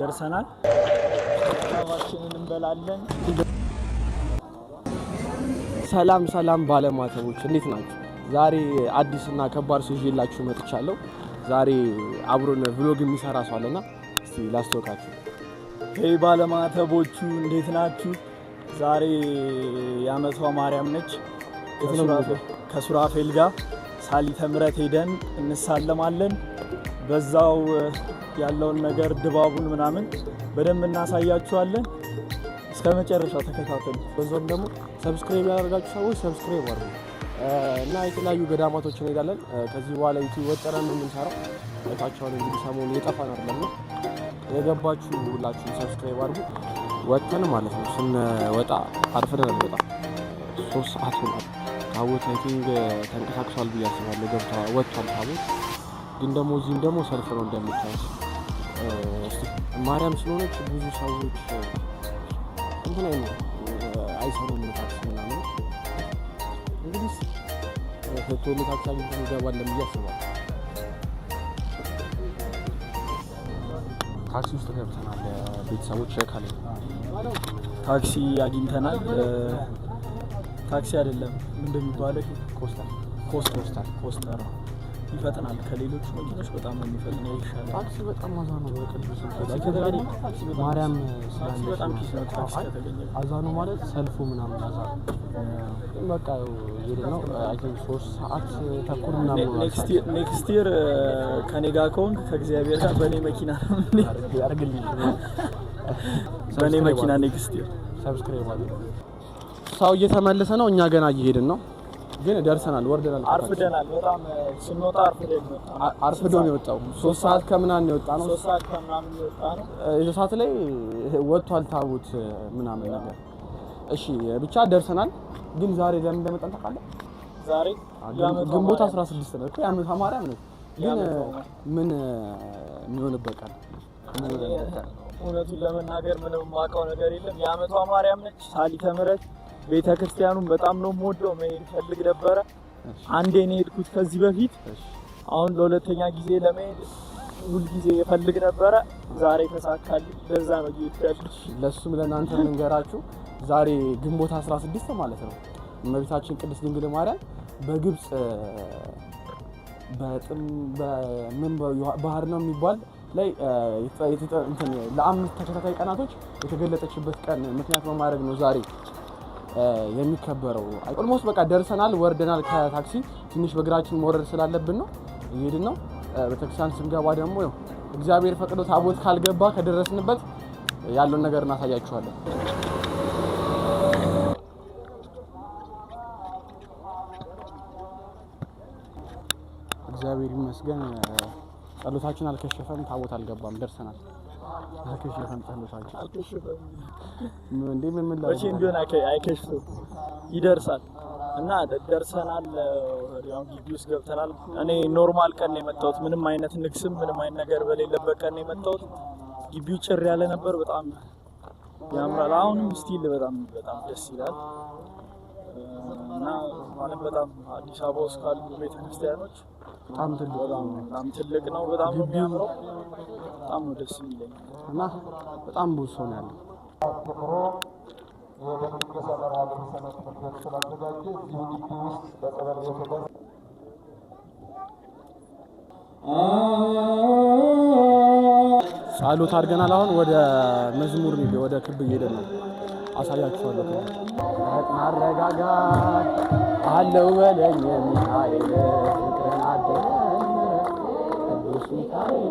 ደርሰናል። ራባችንን እንበላለን። ሰላም ሰላም ባለማተቦች እንዴት ናቸው? ዛሬ አዲስና ከባድ ሰው ይዤላችሁ መጥቻለሁ። ዛሬ አብሮን ቪሎግ የሚሰራ ሰው አለና እስቲ ላስተዋውቃችሁ። ከይ ባለማተቦቹ እንዴት ናችሁ? ዛሬ የአመቷ ማርያም ነች። ከሱራፌል ጋር ሳሊተ ምሕረት ሄደን እንሳለማለን። በዛው ያለውን ነገር ድባቡን ምናምን በደንብ እናሳያችኋለን። እስከ መጨረሻው ተከታተሉ። በዛም ደግሞ ሰብስክራይብ ያደረጋችሁ ሰዎች ሰብስክራይብ አድርጉ እና የተለያዩ ገዳማቶች እንሄዳለን። ከዚህ በኋላ ዩቲዩብ ወጠረን የምንሰራው። እታቸውን እንግዲህ ሰሞኑ የጠፋን አይደለም የገባችሁ ሁላችሁ ሰብስክራይብ አድርጉ። ወጥተን ማለት ነው ስንወጣ አርፍደን ወጣ ሶስት ሰዓት ሆኗል። ታቦት አይ ቲንክ ተንቀሳቅሷል ብዬ አስባለሁ። ገብቷ ወጥቷል ታቦት ግን ደግሞ እዚህም ደግሞ ሰልፍ ነው እንደሚቻል ማርያም ስለሆነች ብዙ ሰዎች እንትን አይነ አይሰሩ ታክሲ ምናምን እንግዲህ ህቶ ታክሲ አግኝተን እንገባለን ብዬ አስባለሁ። ታክሲ ውስጥ ገብተናል። ቤተሰቦች ካለ ታክሲ አግኝተናል። ታክሲ አይደለም እንደሚባለው ኮስተር ኮስተር ኮስተር ነው ይፈጥናል። ከሌሎች መኪኖች በጣም ነው የሚፈጥነው። ይሻላል። ታክሲ በጣም አዛ ነው። ማርያም በጣም ኪስ ነው። ታክሲ አዛ ነው ማለት ሰልፉ ምናምን አዛ በቃ ሄድ ነው። አይ ቲንክ ሶስት ሰዓት ተኩል ምናምን ነው። ኔክስት ይር ከኔ ጋር ከሆንክ ከእግዚአብሔር ጋር በእኔ መኪና ነው ያርግልኝ፣ በእኔ መኪና ኔክስት ይር ሰብስክራይብ አድርግ። ሰው እየተመለሰ ነው። እኛ ገና እየሄድን ነው። ግን ደርሰናል፣ ወርደናል። አርፍደናል። በጣም ስንወጣ አርፍዶ ነው የወጣው። ሶስት ሰዓት ከምናምን የወጣ ነው። ሶስት ሰዓት ከምናምን የወጣ ነው። ሰዓት ላይ ወጥቷል ታቦት ምናምን ነገር። እሺ ብቻ ደርሰናል። ግን ዛሬ ለምን እንደመጣን ታውቃለህ? ዛሬ ግንቦት 16 ነው እኮ የዓመተ ማርያም ነው። ግን ምን የሚሆንበት ቀን እውነቱን ለመናገር ምንም የማውቀው ነገር የለም። የዓመቷ ማርያም ነች። ሳሊ ተምረት ቤተ ክርስቲያኑን በጣም ነው የምወደው፣ መሄድ ፈልግ ነበረ። አንዴ ነው የሄድኩት ከዚህ በፊት። አሁን ለሁለተኛ ጊዜ ለመሄድ ጊዜ ፈልግ ነበረ። ዛሬ ተሳካል። ለዛ ነው ይፈልግ። ለሱም ለእናንተ ልንገራችሁ፣ ዛሬ ግንቦት 16 ማለት ነው እመቤታችን ቅድስት ድንግል ማርያም በግብጽ በጥም በምን ባህር ነው የሚባል ላይ ለአምስት ተከታታይ ቀናቶች የተገለጠችበት ቀን ምክንያት በማድረግ ነው ዛሬ የሚከበረው። ኦልሞስት በቃ ደርሰናል፣ ወርደናል ከታክሲ ትንሽ በእግራችን መውረድ ስላለብን ነው እየሄድን ነው። ቤተክርስቲያን ስንገባ ደግሞ እግዚአብሔር ፈቅዶ ታቦት ካልገባ ከደረስንበት ያለውን ነገር እናሳያችኋለን። እግዚአብሔር ይመስገን ጸሎታችን አልከሸፈም፣ ታቦት አልገባም፣ ደርሰናል። አልከሸፈም። ጸሎታቸው ይደርሳል እና ደርሰናል። ያው ግቢ ውስጥ ገብተናል። እኔ ኖርማል ቀን ነው የመጣሁት። ምንም አይነት ንግስም ምንም አይነት ነገር በሌለበት ቀን ነው የመጣሁት። ግቢው ጭር ያለ ነበር። በጣም ያምራል። አሁንም ስቲል በጣም በጣም ደስ ይላል። እና ማለት በጣም አዲስ አበባ ውስጥ ካሉ ቤተክርስቲያኖች በጣም ትልቅ ነው። በጣም ነው የሚያምረው። በጣም ነው ደስ የሚለኝ እና በጣም ብዙ ሰው ነው ያለው። ጸሎት አድርገናል። አሁን ወደ መዝሙር ወደ ክብ እየሄደ ነው አሳያችኋለሁ። መረጋጋት አለው በለኝ የሚካኤል ፍቅርን አደረ ቅዱስ ሚካኤል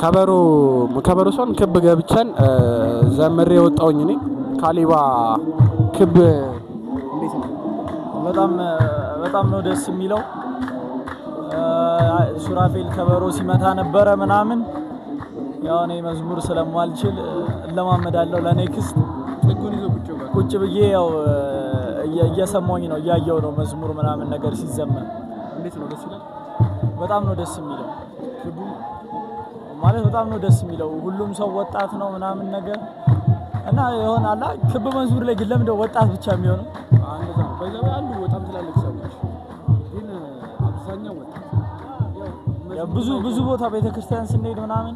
ከበሮ ከበሮ ሲሆን ክብ ገብቸን ዘምሬ የወጣውኝ እኔ ካሊባ ክብ በጣም በጣም ነው ደስ የሚለው። ሱራፌል ከበሮ ሲመታ ነበረ ምናምን ያው እኔ መዝሙር ስለማልችል እለማመዳለሁ ለኔክስት ቁጭ ብዬ ያው እየሰማኝ ነው እያየው ነው መዝሙር ምናምን ነገር ሲዘመን በጣም ነው ደስ የሚለው ማለት በጣም ነው ደስ የሚለው። ሁሉም ሰው ወጣት ነው ምናምን ነገር እና የሆን አለ ክብ መዝሙር ላይ ግን ለምደው ወጣት ብቻ የሚሆነው? ብዙ ብዙ ቦታ ቤተክርስቲያን ስንሄድ ምናምን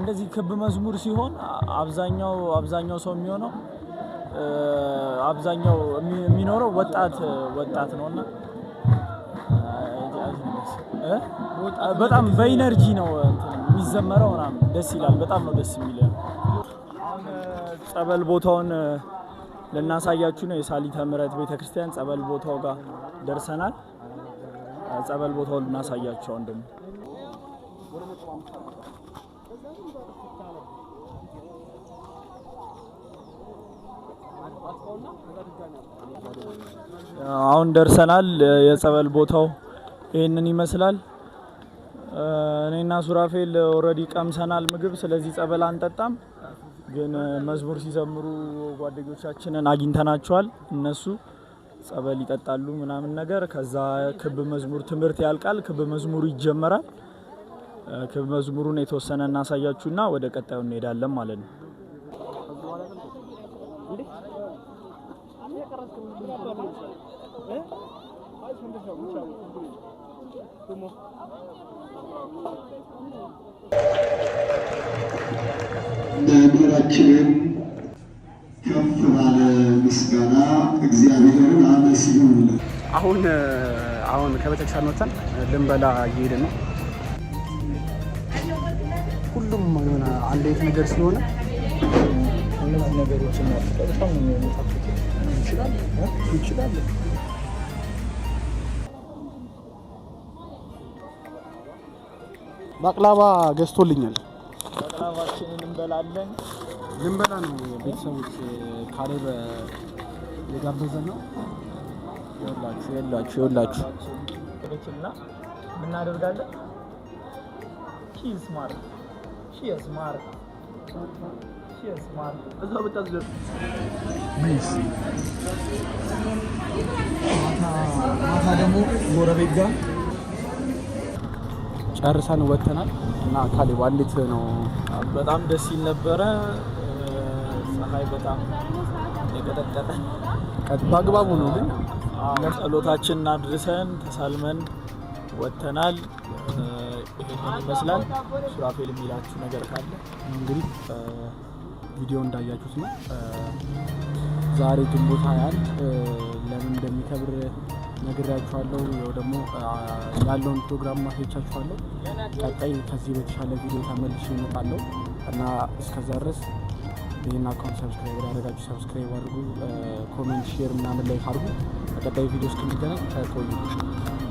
እንደዚህ ክብ መዝሙር ሲሆን አብዛኛው አብዛኛው ሰው የሚሆነው አብዛኛው የሚኖረው ወጣት ወጣት ነውና በጣም በኢነርጂ ነው የሚዘመረው ምናምን ደስ ይላል። በጣም ነው ደስ የሚል። ጸበል ቦታውን ልናሳያችሁ ነው። የሳሊተ ምሕረት ቤተክርስቲያን ጸበል ቦታው ጋር ደርሰናል። ጸበል ቦታውን ልናሳያችሁ አሁን አሁን ደርሰናል። የጸበል ቦታው ይህንን ይመስላል። እኔና ሱራፌል ኦልሬዲ ቀምሰናል ምግብ። ስለዚህ ጸበል አንጠጣም፣ ግን መዝሙር ሲዘምሩ ጓደኞቻችንን አግኝተናቸዋል። እነሱ ጸበል ይጠጣሉ ምናምን ነገር። ከዛ ክብ መዝሙር ትምህርት ያልቃል፣ ክብ መዝሙሩ ይጀመራል። ክብ መዝሙሩን የተወሰነ እናሳያችሁና ወደ ቀጣዩ እንሄዳለን ማለት ነው። ለምድራችንም ከፍ ባለ ምስጋና እግዚአብሔርን አመስግኑለት። አሁን አሁን ከቤተክርስቲያን ወጥተን ልንበላ እየሄድን ነው። ሁሉም የሆነ አንድ አይነት ነገር ስለሆነ እነዚህ ነገሮች እና ነው የሚያመጣት ይችላል ይችላል ባቅላባ ገዝቶልኛል። ባቅላባችንን እንበላለን። ልንበላ ነው ቤተሰቦች። ካሌብ የጋበዘን ነው። ይኸውላችሁ ይኸውላችሁ ይኸውላችሁ እና ምናደርጋለን ማታ ደግሞ ጎረቤት ጋር ጨርሰን ወጥተናል እና ካሌብ እንዴት ነው? በጣም ደስ ይል ነበረ። ፀሐይ በጣም የቀጠቀጠ በአግባቡ ነው ግን ጸሎታችንን አድርሰን ተሳልመን ወጥተናል። ይሄን ይመስላል። ሱራፌል የሚላችሁ ነገር ካለ እንግዲህ ቪዲዮ እንዳያችሁት ነው። ዛሬ ግንቦት 21 ለምን እንደሚከብር ነግሬያችኋለሁ። ያው ደግሞ ያለውን ፕሮግራም ማሳየቻችኋለሁ። ቀጣይ ከዚህ በተሻለ ቪዲዮ ተመልሼ እመጣለሁ እና እስከዛ ድረስ ይህን አካውንት ሰብስክራይብ ያደረጋችሁ ሰብስክራይብ አድርጉ፣ ኮሜንት፣ ሼር ምናምን ላይ አድርጉ። በቀጣይ ቪዲዮ እስክንገናኝ ቆዩ።